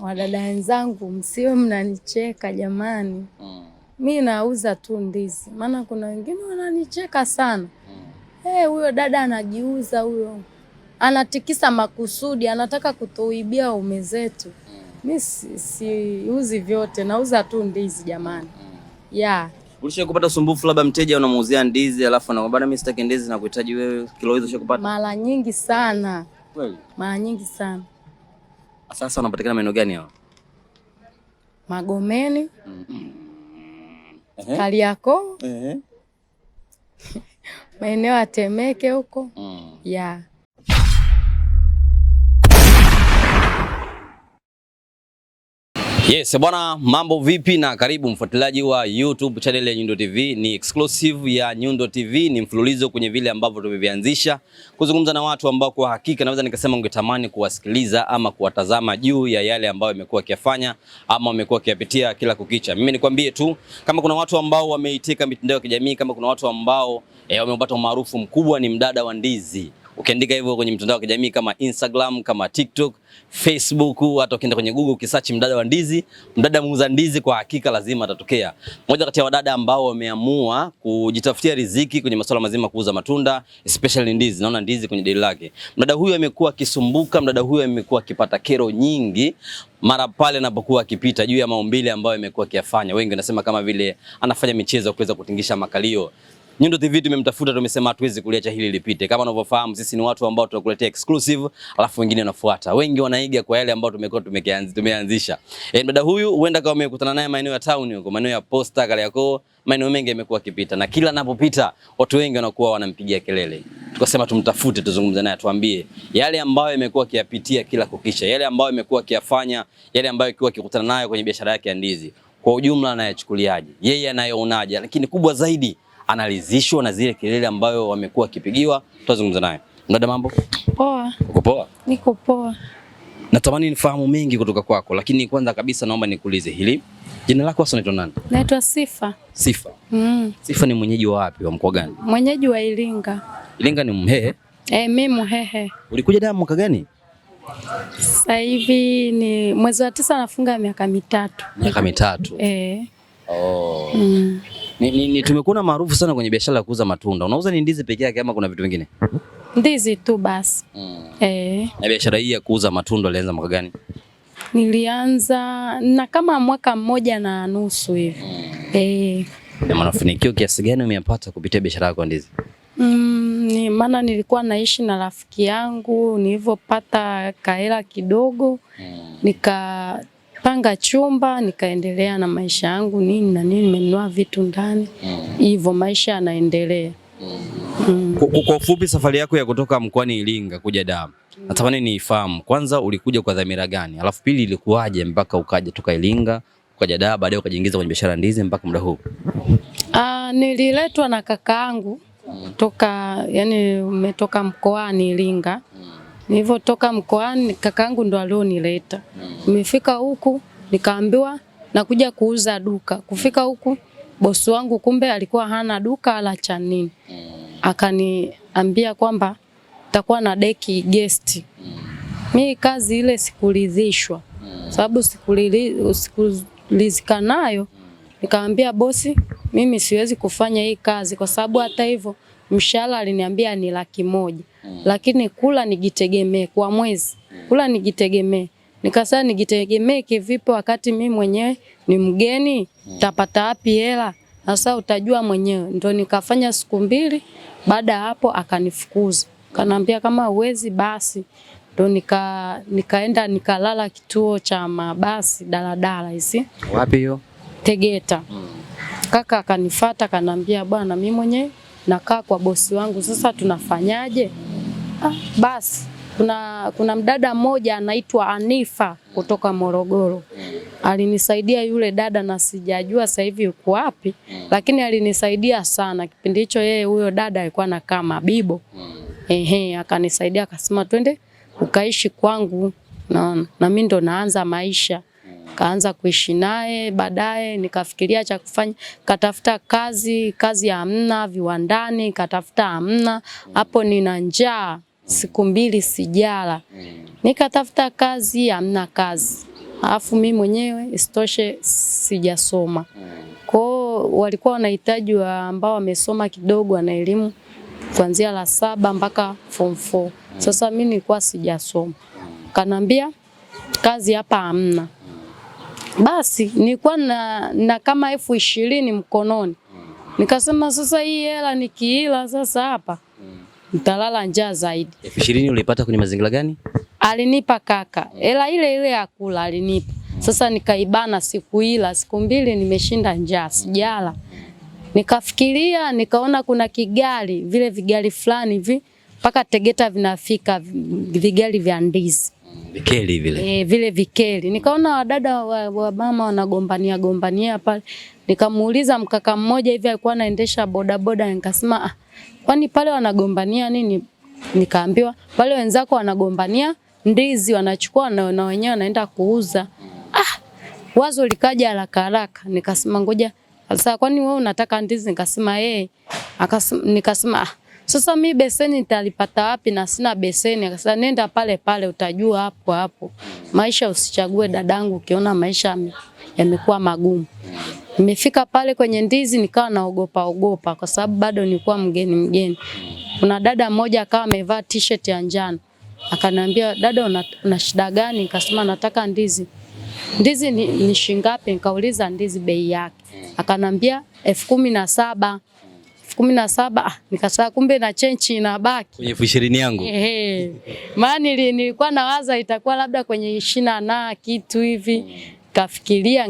Wadada wenzangu, msiwe mnanicheka jamani. mm. Mi nauza tu ndizi, maana kuna wengine wananicheka sana. mm. Hey, eh, huyo dada anajiuza huyo, anatikisa makusudi, anataka kutuibia ume zetu. mm. Mi siuzi si vyote, nauza tu ndizi jamani. mm. yeah. Ulisha kupata sumbufu labda mteja unamuuzia ndizi alafu anakwambia mimi sitaki ndizi na kuhitaji wewe kilo hizo? Ushakupata mara nyingi sana. Kweli? Mara nyingi sana. Sasa wanapatikana maeneo gani hapo? Magomeni, Kariakoo, maeneo ya Temeke huko mm. ya Yes, bwana mambo vipi na karibu mfuatiliaji wa YouTube channel ya Nyundo TV. Ni exclusive ya Nyundo TV, ni mfululizo kwenye vile ambavyo tumevianzisha kuzungumza na watu ambao kwa hakika naweza nikasema ungetamani kuwasikiliza ama kuwatazama juu ya yale ambayo amekuwa akiyafanya ama amekuwa akiyapitia kila kukicha. Mimi nikwambie tu kama kuna watu ambao wameitika mitandao ya kijamii, kama kuna watu ambao eh, wamepata umaarufu mkubwa ni mdada wa ndizi Ukiandika hivyo kwenye mtandao wa kijamii kama Instagram, kama TikTok, Facebook, hata ukienda kwenye Google ukisearch mdada wa ndizi, mdada muuza ndizi, kwa hakika lazima atatokea. Mmoja kati ya wadada ambao wameamua kujitafutia riziki kwenye masuala mazima kuuza matunda, especially ndizi. Naona ndizi kwenye dili lake. Mdada huyu amekuwa akisumbuka, mdada huyu amekuwa akipata kero nyingi mara pale anapokuwa akipita juu ya maumbile ambayo amekuwa akiyafanya. Wengi wanasema kama vile anafanya michezo kuweza kutingisha makalio. Nyundo TV tumemtafuta, tumesema hatuwezi kuliacha hili lipite. Kama unavyofahamu, sisi ni watu ambao tunakuletea exclusive, alafu wengine wanafuata. Wengi wanaiga kwa yale ambayo tumekuwa tumeanzisha. E, dada huyu huenda kama umekutana naye maeneo ya town huko, maeneo ya Posta, Kariakoo, maeneo mengi yamekuwa kipita, na kila anapopita watu wengi wanakuwa wanampigia kelele. Tukasema tumtafute, tuzungumze naye, tuambie yale ambayo yamekuwa kiyapitia kila kukisha, yale ambayo yamekuwa kiyafanya, yale ambayo kiwa kikutana nayo kwenye biashara yake ya ndizi kwa ujumla, anayachukuliaje yeye, anayonaje, lakini kubwa zaidi analizishwa na zile kelele ambayo wamekuwa wakipigiwa. Tutazungumza naye. Mdada, mambo poa? Uko poa? Niko poa. Natamani nifahamu mengi kutoka kwako, lakini kwanza kabisa naomba nikuulize hili. Jina lako hasa unaitwa nani? Naitwa Sifa. Sifa. Mm. Sifa ni mwenyeji wa wapi, wa mkoa gani? Mwenyeji wa Ilinga. Ilinga ni Mhehe? Eh, mimi Mhehe. Ulikuja da mwaka gani? Sasa hivi ni mwezi wa tisa, nafunga miaka mitatu. Miaka mitatu. Eh. Oh. Mm ni, ni tumekuwa maarufu sana kwenye biashara ya kuuza matunda. Unauza ni ndizi pekee yake ama kuna vitu vingine? Ndizi tu basi. Mm. Eh. Na biashara hii ya kuuza matunda ilianza mwaka gani? Nilianza na kama mwaka mmoja na nusu hivi. Mm. Eh. Na mafanikio kiasi gani umeyapata kupitia biashara yako ndizi? Mm, ni maana nilikuwa naishi na rafiki yangu, nilivyopata kahela kidogo mm. nika panga chumba nikaendelea na maisha yangu nini na nini, nimenunua vitu ndani mm. hivyo, maisha yanaendelea. Mm. Kwa ufupi, safari yako ya kutoka mkoani Iringa kuja Dar, natamani niifahamu kwanza, ulikuja kwa dhamira gani? Alafu pili, ilikuwaje mpaka ukaja toka Iringa ukaja Dar, baadaye ukajiingiza kwenye biashara ndizi mpaka muda huu? Ah, nililetwa na kakaangu mm. toka, yani umetoka mkoani Iringa. Mm. Nilivyotoka mkoani kakaangu ndo alionileta. Nimefika huku nikaambiwa nakuja kuuza duka. Kufika huku bosi wangu kumbe alikuwa hana duka ala cha nini. Akaniambia kwamba takuwa na deki guest. Mi kazi ile sikuridhishwa, sababu sikuridhika nayo. nikaambia bosi, mimi siwezi kufanya hii kazi kwa sababu hata hivyo mshahara aliniambia ni laki moja mm. lakini kula nijitegemee kwa mwezi mm. kula nijitegemee nikasema nijitegemee kivipo wakati mi mwenyewe ni mgeni mm. tapata wapi hela sasa utajua mwenyewe ndo nikafanya siku mbili baada ya hapo akanifukuza kanaambia kama uwezi basi ndo nika, nikaenda nikalala kituo cha mabasi daladala hizi wapi hiyo Tegeta mm. kaka akanifata kanaambia bwana mi mwenyewe nakaa kwa bosi wangu, sasa tunafanyaje? Ah, basi kuna, kuna mdada mmoja anaitwa Anifa kutoka Morogoro alinisaidia yule dada, na sijajua sasa hivi yuko wapi, lakini alinisaidia sana kipindi hicho. Yeye huyo dada alikuwa anakaa Mabibo, ehe, akanisaidia akasema, twende ukaishi kwangu, naona na mimi ndo naanza maisha kaanza kuishi naye. Baadaye nikafikiria cha kufanya, katafuta kazi, kazi hamna, viwandani katafuta hamna, hapo nina njaa siku mbili sijala, nikatafuta kazi hamna kazi, alafu mi mwenyewe isitoshe sijasoma. Kwao walikuwa wanahitaji wa ambao wamesoma kidogo, ana elimu kuanzia la saba mpaka form 4. Sasa mi nilikuwa sijasoma, kanambia kazi hapa hamna basi nilikuwa na, na kama elfu ishirini mkononi, nikasema sasa hii hela nikiila sasa hapa nitalala njaa zaidi. elfu ishirini ulipata kwenye mazingira gani? Alinipa kaka hela ile ile ya kula alinipa. Sasa nikaibana siku ila siku mbili nimeshinda njaa sijala. Nikafikiria nikaona kuna kigari vile vigari fulani hivi mpaka Tegeta vinafika vigari vya ndizi vikeli vile e, vile vikeli. Nikaona wadada wa, wa mama wanagombania gombania pale, nikamuuliza mkaka mmoja hivi alikuwa anaendesha bodaboda, nikasema ah, kwani pale wanagombania nini? Nikaambiwa pale wenzako wanagombania ndizi, wanachukua na, na wenyewe wanaenda kuuza. Ah, wazo likaja haraka haraka, nikasema ngoja sasa, kwani wewe unataka ndizi? Nikasema yeye, eh. nikasema ah sasa mi beseni nitalipata wapi na sina beseni? Akasema nenda pale pale utajua hapo hapo. Maisha usichague dadangu, ukiona maisha yamekuwa magumu. Nimefika pale kwenye ndizi nikawa naogopa ogopa kwa sababu bado nilikuwa mgeni mgeni. Kuna dada mmoja akawa amevaa t-shirt ya njano. Akaniambia dada, una, una shida gani? Nikasema nataka ndizi. Ndizi ni, ni shingapi? Nikauliza ndizi bei yake. Akanambia elfu kumi na saba elfu kumi na saba ah, nikasaa kumbe na chenchi inabaki kwenye elfu ishirini yangu. Ehe, maana nilikuwa nawaza itakuwa labda kwenye ishirini na kitu hivi, kafikiria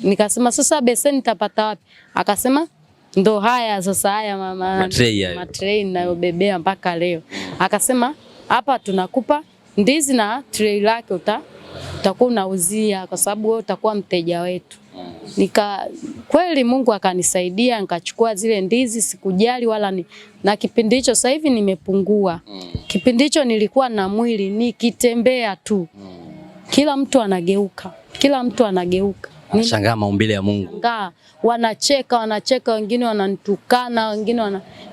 nikasema sasa beseni nitapata wapi? Akasema ndo haya sasa, haya mama matrei, matrei ninayobebea mpaka leo. Akasema hapa tunakupa ndizi na trei lake uta utakuwa unauzia, kwa sababu wewe utakuwa mteja wetu. Nika kweli Mungu akanisaidia nikachukua zile ndizi, sikujali wala ni, na kipindi hicho sasa hivi nimepungua. Kipindi hicho nilikuwa na mwili nikitembea tu, kila mtu anageuka, kila mtu anageuka. Anashangaa maumbile ya Mungu. Ngaa, wanacheka wanacheka, wengine wananitukana, wengine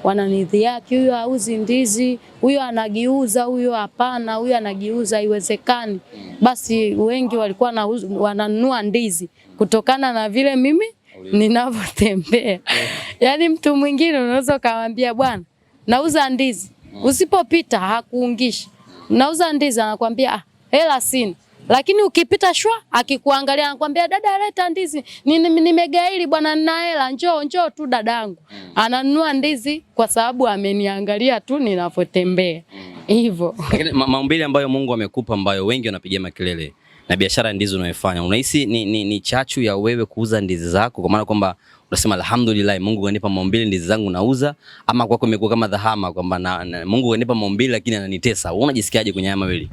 wananidhiaki, huyo hauzi ndizi, huyo anagiuza, huyo hapana, huyo anagiuza, haiwezekani. Basi wengi walikuwa wananunua ndizi kutokana na vile mimi ninavyotembea. Yaani mtu mwingine unaweza ukamwambia bwana, nauza ndizi, mm. usipopita hakuungishi, nauza ndizi, ah, hela sina lakini ukipita shwa akikuangalia anakuambia dada, leta ndizi, nimegaili bwana, nina hela, njoo njoo tu dadangu. Mm. Ananunua ndizi kwa sababu ameniangalia tu ninapotembea mm. hivyo. Lakini ma maumbile ambayo Mungu amekupa ambayo wengi wanapigia makelele na biashara ndizi unayofanya unahisi ni, ni, ni chachu ya wewe kuuza ndizi zako, kwa maana kwamba unasema alhamdulillah, Mungu kanipa maumbile, ndizi zangu nauza, ama kwako imekuwa kama dhahama kwamba Mungu kanipa maumbile lakini ananitesa? Wewe unajisikiaje kwenye haya mawili?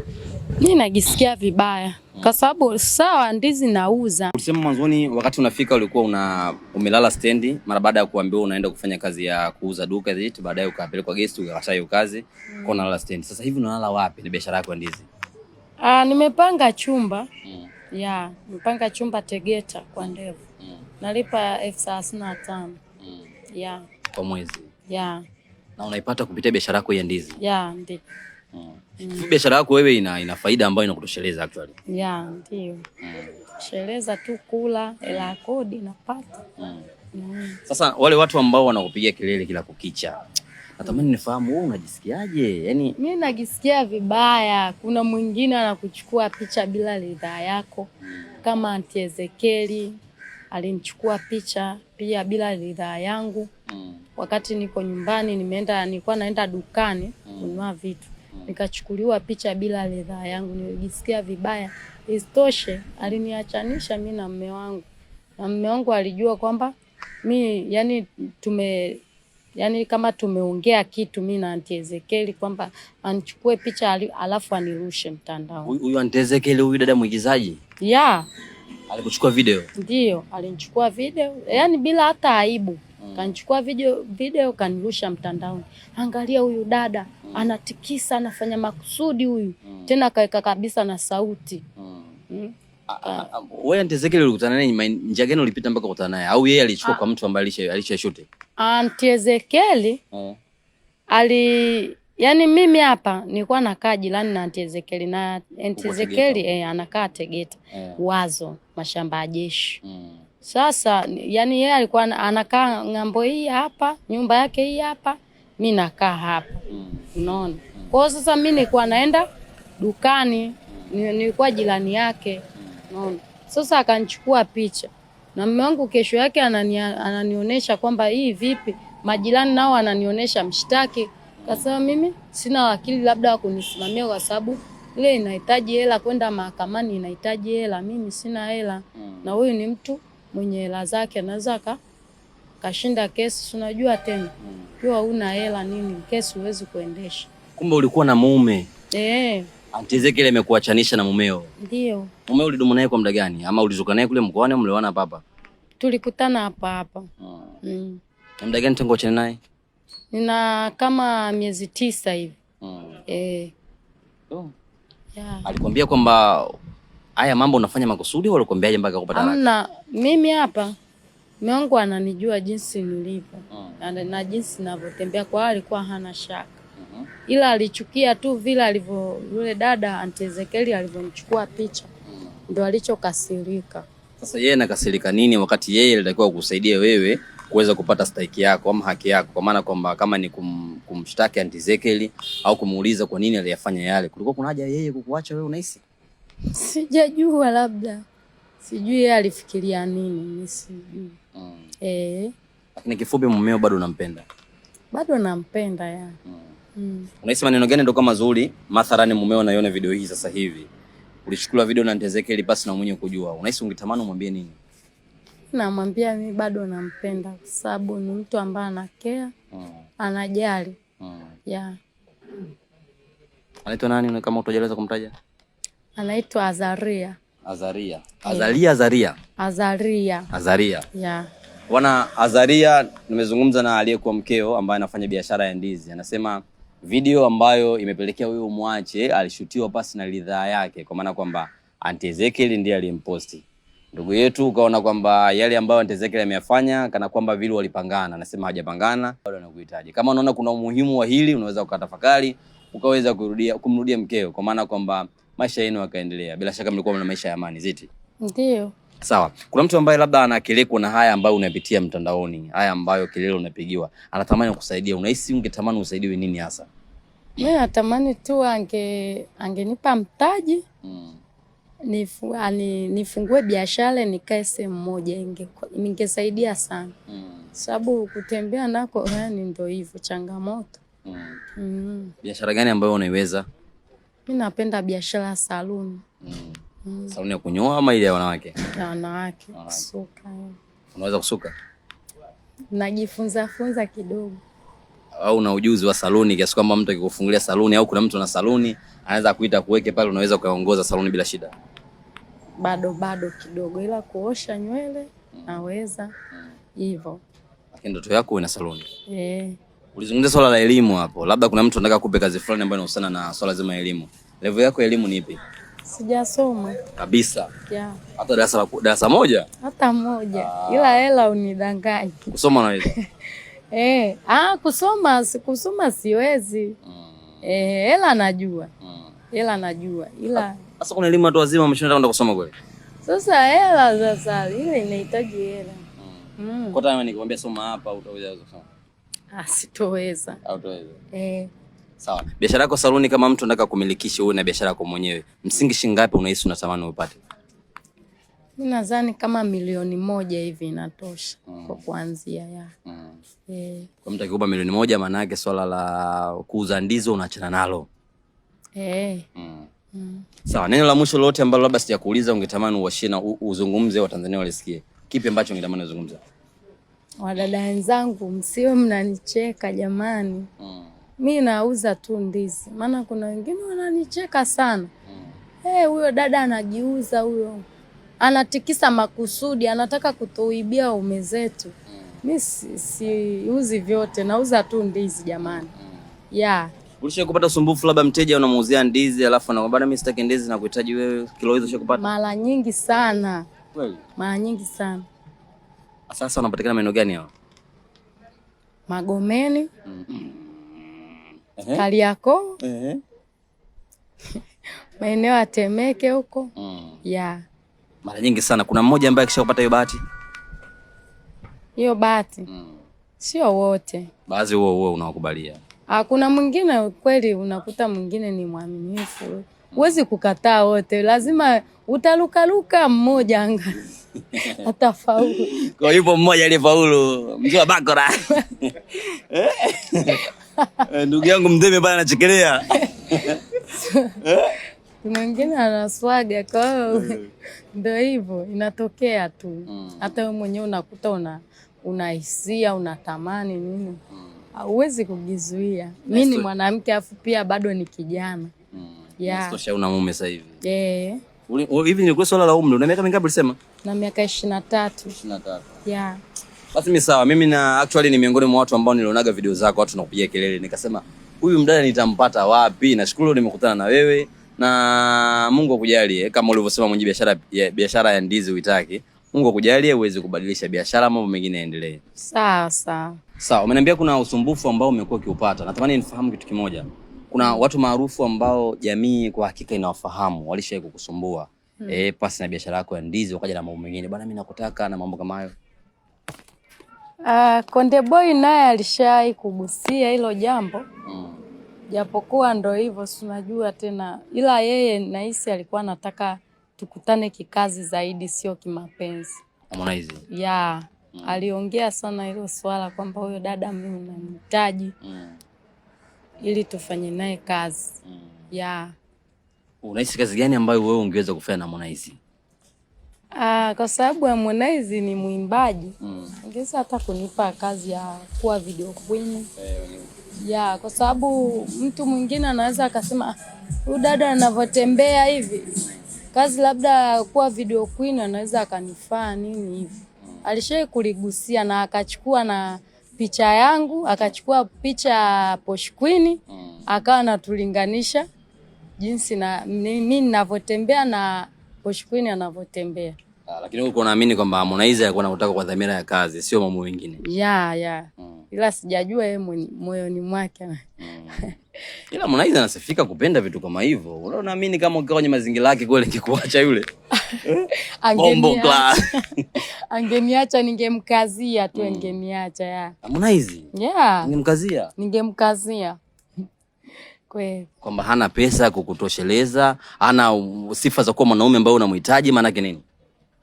Mimi najisikia vibaya kwa sababu sawa, ndizi nauza. Ulisema mwanzoni wakati unafika ulikuwa una umelala stendi, mara baada ya kuambiwa unaenda kufanya kazi ya kuuza duka zetu, baadaye ukapelekwa guest, ukakataa hiyo kazi kwa unalala stendi. Sasa hivi unalala wapi? Ni biashara yako ya ndizi? Ah, nimepanga chumba mm. ya nimepanga chumba Tegeta kwa Ndevu mm. nalipa elfu thelathini na tano mm. ya kwa mwezi ya, na unaipata kupitia biashara yako ya ndizi ya, ndio Mm. Biashara yako wewe ina, ina faida ambayo inakutosheleza actually. Yeah, ndio. Mm. Sheleza tu kula hela ya kodi napata. Mm. Mm. Sasa wale watu ambao wanakupigia kelele kila kukicha natamani nifahamu wewe unajisikiaje? Yaani mimi najisikia vibaya. Kuna mwingine anakuchukua picha bila ridhaa yako, kama Anti Ezekeli alinichukua picha pia bila ridhaa yangu, mm. wakati niko nyumbani, nimeenda, nilikuwa naenda dukani kununua vitu nikachukuliwa picha bila ridhaa yangu, nilijisikia vibaya. Isitoshe, aliniachanisha mi na mme wangu, na mme wangu alijua kwamba mi yani tume yani kama tumeongea kitu mi na anti Ezekieli kwamba anichukue picha alafu anirushe mtandao. Huyu anti Ezekieli, huyu dada mwigizaji ya yeah. Alikuchukua video? Ndio, alinichukua video yani bila hata aibu mm. Kanichukua video, video kanirusha mtandaoni, angalia huyu dada mm. anatikisa anafanya makusudi huyu mm. tena kaweka kabisa na sauti mm. Mm. Wewe Aunt ulikutana naye njia gani? Ulipita mpaka kukutana naye, au yeye alichukua ah. kwa mtu ambaye alishashuti? Aunt mm. Eh. ali, yaani mimi hapa nilikuwa nakaa jirani na Aunt Ezekiel, na Aunt Ezekiel eh, anakaa Tegeta, eh. wazo mashamba ya jeshi mm. Sasa yani yeye alikuwa anakaa ng'ambo hii hapa, nyumba yake hii hapa, mi nakaa hapa, unaona. Kwa hiyo sasa mi nilikuwa naenda dukani, nilikuwa jirani yake, unaona. Sasa akanichukua picha na mume wangu, kesho yake anani, ananionyesha kwamba hii vipi, majirani nao ananionyesha, mshtaki kasema mimi sina wakili labda wa kunisimamia kwa sababu ile inahitaji hela, kwenda mahakamani inahitaji hela, mimi sina hela mm. na huyu ni mtu mwenye hela zake anaweza kashinda kesi, unajua tena ukiwa una hela nini, kesi huwezi kuendesha. Kumbe ulikuwa na mume eh? Anti Ezekiel amekuachanisha na mumeo? Ndio. Mumeo ulidumu naye kwa muda gani, ama ulizoka naye kule mkoani au mlioana hapa hapa? Tulikutana hapa hapa. mm. muda gani tangu uachane naye? Nina kama miezi tisa hivi. Mm. eh. oh. yeah. alikwambia kwamba Haya mambo unafanya makusudi au ulikwambiaje mpaka kupata haraka? Hamna, mimi hapa mume wangu ananijua jinsi nilivyo hmm. na na jinsi ninavyotembea, kwa hiyo alikuwa hana shaka hmm. ila alichukia tu vile alivyo yule dada Anti Ezekiel alivyomchukua picha hmm. ndio alichokasirika. Sasa yeye anakasirika nini wakati yeye alitakiwa kukusaidia wewe kuweza kupata stahiki yako ama haki yako, kwa maana kwamba kama ni kum, kumshtaki Anti Ezekiel au kumuuliza kwa nini aliyafanya yale, kulikuwa kuna haja yeye kukuacha wewe unahisi? Sijajua, labda sijui yeye alifikiria nini, sijui mm. Eh, lakini kifupi, mumeo bado unampenda? Bado nampenda ya mm. mm. Unahisi maneno gani ndio kama mazuri? Mathalani, mumeo anaiona video hii sasa hivi, ulichukua video na Ntezeke ili basi na mwenye kujua, unahisi ungetamani umwambie nini? Namwambia mimi bado nampenda kwa sababu ni mtu ambaye anakea mm. anajali mm. ya yeah. Anaitwa nani kama utajeleza kumtaja? Anaitwa Azaria. Azaria. Azaria, Azaria. Azaria. Azaria. Yeah. Bwana Azaria, nimezungumza na aliyekuwa mkeo ambaye anafanya biashara ya ndizi. Anasema video ambayo imepelekea huyo mwache alishutiwa pasi na ridhaa yake, kwa maana kwamba Aunti Ezekiel ndiye aliyemposti ndugu yetu. Ukaona kwamba yale ambayo Aunti Ezekiel ameyafanya kana kwamba vile walipangana. Anasema hajapangana, bado anakuhitaji. Kama unaona kuna umuhimu wa hili, unaweza ukatafakari ukaweza kurudia kumrudia mkeo, kwa maana kwamba maisha yenu yakaendelea. Bila shaka mlikuwa mna maisha ya amani ziti. Ndio. Sawa. Kuna mtu ambaye labda anakelekwa na haya ambayo unapitia mtandaoni, haya ambayo kelele unapigiwa, anatamani kukusaidia. Unahisi ungetamani usaidiwe nini hasa? Mimi natamani tu ange angenipa mtaji mm. nifungue biashara nikae sehemu moja, ningesaidia sana mm. sababu kutembea nako yani ndio hivyo changamoto mm. mm. biashara gani ambayo unaiweza? Mi napenda biashara ya saluni. Mm. Mm. Saluni ya kunyoa ama ile ya wanawake? Ya wanawake, kusuka. Unaweza kusuka? Najifunza funza kidogo. Au una ujuzi wa saluni kiasi kwamba mtu akikufungulia saluni au kuna mtu na saluni anaweza kuita kuweke pale, unaweza ukaongoza saluni bila shida? Bado bado kidogo, ila kuosha nywele mm. naweza hivyo mm. Lakini ndoto yako ina saluni? Eh. Ulizungumza swala la elimu hapo, labda kuna mtu anataka kupe kazi fulani ambayo inahusiana na swala zima ya elimu. Level yako ya elimu ni ipi? Sijasoma kabisa. Yeah. Hata darasa darasa moja? Hata moja. Ah. Ila hela unidanganya. Kusoma unaweza? Eh, ah, kusoma kusoma siwezi. Mm. Eh, hela najua. Hmm. hela Mm. najua. Ila ah, sasa kuna elimu watu wazima wameshinda kwenda kusoma kweli? Sasa hela sasa ile inahitaji hela. Mm. Mm. Kwa tamaa nikwambia soma hapa utaweza kusoma. Ah, sitoweza. Hautoweza. Eh. Sawa. Biashara yako saluni, kama mtu anataka kumilikisha wewe na biashara yako mwenyewe, msingi shilingi ngapi unahisi unatamani upate? Mimi nadhani kama milioni moja hivi inatosha mm. kwa kuanzia ya. Mm. Eh. Kwa mtu akikupa milioni moja, maana yake swala la kuuza ndizo unaachana nalo. Eh. Mm. Mm. Sawa, neno la mwisho lolote ambalo labda sijakuuliza ungetamani uwashie na uzungumze Watanzania walisikie. Kipi ambacho ungetamani uzungumza? Wadada wenzangu, msiwe mnanicheka jamani. mm. Mi nauza tu ndizi, maana kuna wengine wananicheka sana. mm. Eh, huyo dada anajiuza huyo, anatikisa makusudi, anataka kutuibia ume zetu. mm. Mi siuzi si vyote, nauza tu ndizi jamani. mm. yeah. Ulisha kupata sumbufu labda mteja unamuuzia ndizi alafu anakwambia mimi sitaki ndizi na kuhitaji wewe kilo hizo? Ushakupata mara nyingi sana. Kweli? Mara nyingi sana. Sasa unapatikana maeneo gani hao? Magomeni, mm-hmm. Kariakoo, maeneo ya Temeke huko mm. ya mara nyingi sana. Kuna mmoja ambaye akishapata hiyo bahati hiyo bahati mm. Sio wote, baadhi huo huo unawakubalia. Ah, kuna mwingine kweli, unakuta mwingine ni mwaminifu, huwezi kukataa wote, lazima utalukaluka mmoja anga atafaulu. Kwa yupo mmoja aliyefaulu, mzee wa bakora eh, ndugu yangu Mtemi bana anachekelea eh? mwingine anaswaga, kwa hiyo eh, ndio hivyo inatokea tu. Mm. Hata wewe mwenyewe unakuta una unahisia unatamani nini, mm. hauwezi kujizuia. Mi ni mwanamke afu pia bado ni kijana. Mm. Una mume sasa hivi hivi, ni kwa swala la umri, una miaka mingapi ulisema? na miaka ishirini na tatu. Yeah. Basi mimi sawa, mimi na actually ni miongoni mwa watu ambao nilionaga video zako watu nakupigia kelele, nikasema huyu mdada nitampata wapi? Nashukuru nimekutana na wewe na Mungu akujalie, kama ulivyosema mwenye biashara ya, biashara ya ndizi uitaki. Mungu akujalie uweze kubadilisha biashara, mambo mengine yaendelee. Sawa sawa. Sawa, umeniambia kuna usumbufu ambao umekuwa ukiupata. Natamani nifahamu kitu kimoja. Kuna watu maarufu ambao jamii kwa hakika inawafahamu, walishawahi kukusumbua mm. eh, pasi na biashara yako ya ndizi ukaja na mambo mengine bwana, mimi nakutaka na mambo kama hayo. Uh, Konde Boy naye alishai kugusia hilo jambo mm. japokuwa ndo hivyo, si unajua tena, ila yeye nahisi alikuwa anataka tukutane kikazi zaidi, sio kimapenzi. Harmonize yeah. mm. aliongea sana hilo swala kwamba huyo dada mimi namhitaji mm. ili tufanye naye kazi mm. yeah. Unahisi kazi gani ambayo wewe ungeweza kufanya na Harmonize? Ah, kwa sababu Harmonize ni mwimbaji mm. Ungeweza hata kunipa kazi ya kuwa video queen eh, ya kwa sababu mtu mwingine anaweza akasema ah, huyu dada anavyotembea hivi, kazi labda kuwa video queen anaweza akanifaa nini hivi. Mm. Alishai kuligusia na akachukua na picha yangu akachukua picha ya Posh Queen mm. akawa anatulinganisha jinsi na mimi ninavyotembea na Bush Queen anavyotembea. Ah, lakini uko naamini kwamba Harmonize alikuwa anataka kwa dhamira ya kazi, sio mambo mengine. Ya ya. Hmm. Ila sijajua yeye moyoni mwake. Hmm. Ila Harmonize anasifika kupenda vitu kama hivyo. Unaamini kama ukiwa kwenye mazingira yake kweli ngekuacha yule? Angeniacha. Angeniacha ningemkazia tu, hmm. Ningemiacha ya. Harmonize? Yeah. Ningemkazia. Ningemkazia kwamba hana pesa kukutosheleza, hana sifa za kuwa mwanaume ambaye unamhitaji. Maanake nini?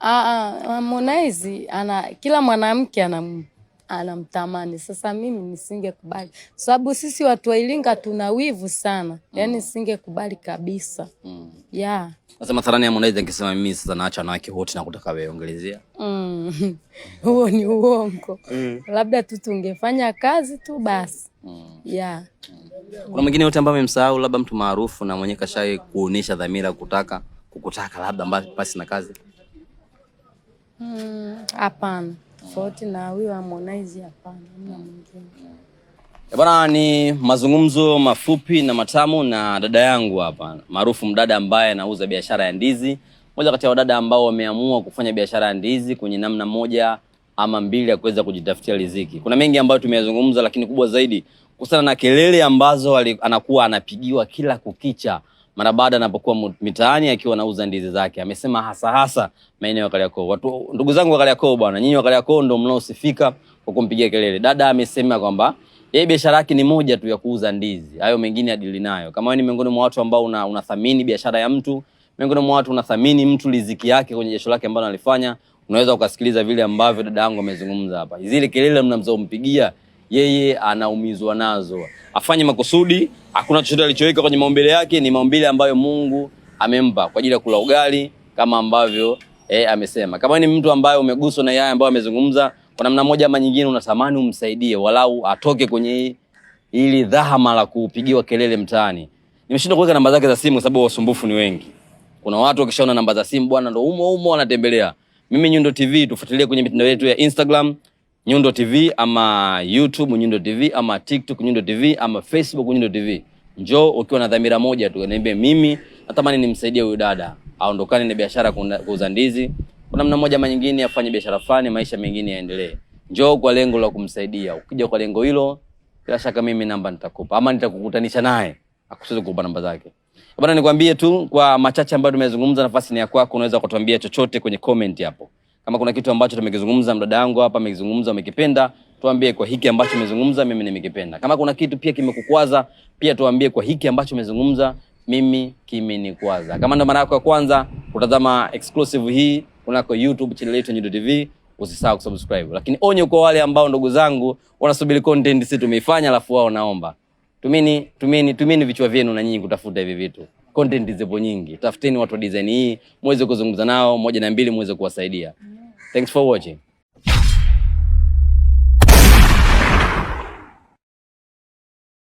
Ah, ah, Harmonize ana kila mwanamke anam anamtamani. Sasa mimi nisingekubali, sababu sisi watu wa Iringa tuna wivu sana, yani mm. singekubali kabisa. mm. yeah. Sasa mathalani Harmonize akisema mimi sasa naacha wanawake wote na kutaka wewe, ongelezea mm. huo ni uongo mm. labda tu tungefanya kazi tu basi mm. yeah. mm. Kuna mwingine yote ambaye amemsahau, labda mtu maarufu na mwenye kashai kuonesha dhamira kutaka kukutaka labda mbali pasi na kazi? Hmm, hapana. tofauti na huyo Harmonize hapana, hamna mwingine. Eh, bwana, ni mazungumzo mafupi na matamu na dada yangu hapa maarufu mdada ambaye anauza biashara ya ndizi, moja kati ya wadada ambao wameamua kufanya biashara ya ndizi kwenye namna moja ama mbili ya kuweza kujitafutia riziki. Kuna mengi ambayo tumeyazungumza, lakini kubwa zaidi kuhusiana na kelele ambazo wali, anakuwa anapigiwa kila kukicha mara baada anapokuwa mitaani akiwa anauza ndizi zake. Amesema hasa hasa maeneo ya Kariakoo. Watu ndugu zangu wa Kariakoo bwana, nyinyi wa Kariakoo ndio mnaosifika kwa kumpigia kelele. Dada amesema kwamba yeye biashara yake ni moja tu ya kuuza ndizi, hayo mengine adili nayo. Kama wewe ni miongoni mwa watu ambao una, unathamini biashara ya mtu, miongoni mwa watu unathamini mtu riziki yake kwenye jasho lake ambalo analifanya, unaweza ukasikiliza vile ambavyo dada yangu amezungumza hapa. Zile kelele mnamzompigia yeye anaumizwa nazo, afanye makusudi. Hakuna chochote alichoweka kwenye maumbile yake, ni maumbile ambayo Mungu amempa kwa ajili ya kula ugali kama ambavyo eh, amesema. Kama ni mtu ambaye umeguswa na yeye ambaye amezungumza kwa namna moja ama nyingine, unatamani umsaidie walau atoke kwenye ili dhahama la kupigiwa kelele mtaani. Nimeshindwa kuweka namba zake za simu kwa sababu wasumbufu ni wengi. Kuna watu wakishaona namba za simu bwana, ndo umo umo wanatembelea. Mimi Nyundo TV tufuatilie kwenye mitandao yetu ya Instagram, Nyundo TV ama YouTube Nyundo TV ama TikTok Nyundo TV ama Facebook Nyundo TV. Njoo ukiwa na dhamira moja tu, niambie mimi natamani nimsaidie huyu dada aondokane na biashara kuuza ndizi, kwa namna moja ama nyingine afanye biashara fulani, maisha mengine yaendelee. Njoo kwa lengo la kumsaidia. Ukija kwa lengo hilo, bila shaka mimi namba nitakupa ama nitakukutanisha naye, akusiweze kukupa namba zake. Bwana, nikwambie tu kwa machache ambayo tumezungumza, nafasi ni ya kwako, unaweza kutuambia chochote kwenye comment hapo. Kama kuna kitu ambacho tumekizungumza mdada yangu hapa amekizungumza umekipenda, tuambie kwa hiki ambacho umezungumza mimi nimekipenda. Kama kuna kitu pia kimekukwaza, pia tuambie kwa hiki ambacho umezungumza mimi kimenikwaza. Kama ndo mara yako ya kwanza kutazama exclusive hii kunako YouTube channel yetu Nyundo TV, usisahau kusubscribe. Lakini onyo kwa wale ambao ndugu zangu wanasubiri content sisi tumeifanya, alafu wao naomba. Tumini, tumini, tumini vichwa vyenu na nyinyi kutafuta hivi vitu content zipo nyingi, tafuteni watu wa design hii muweze kuzungumza nao moja na mbili, muweze kuwasaidia. Thanks for watching.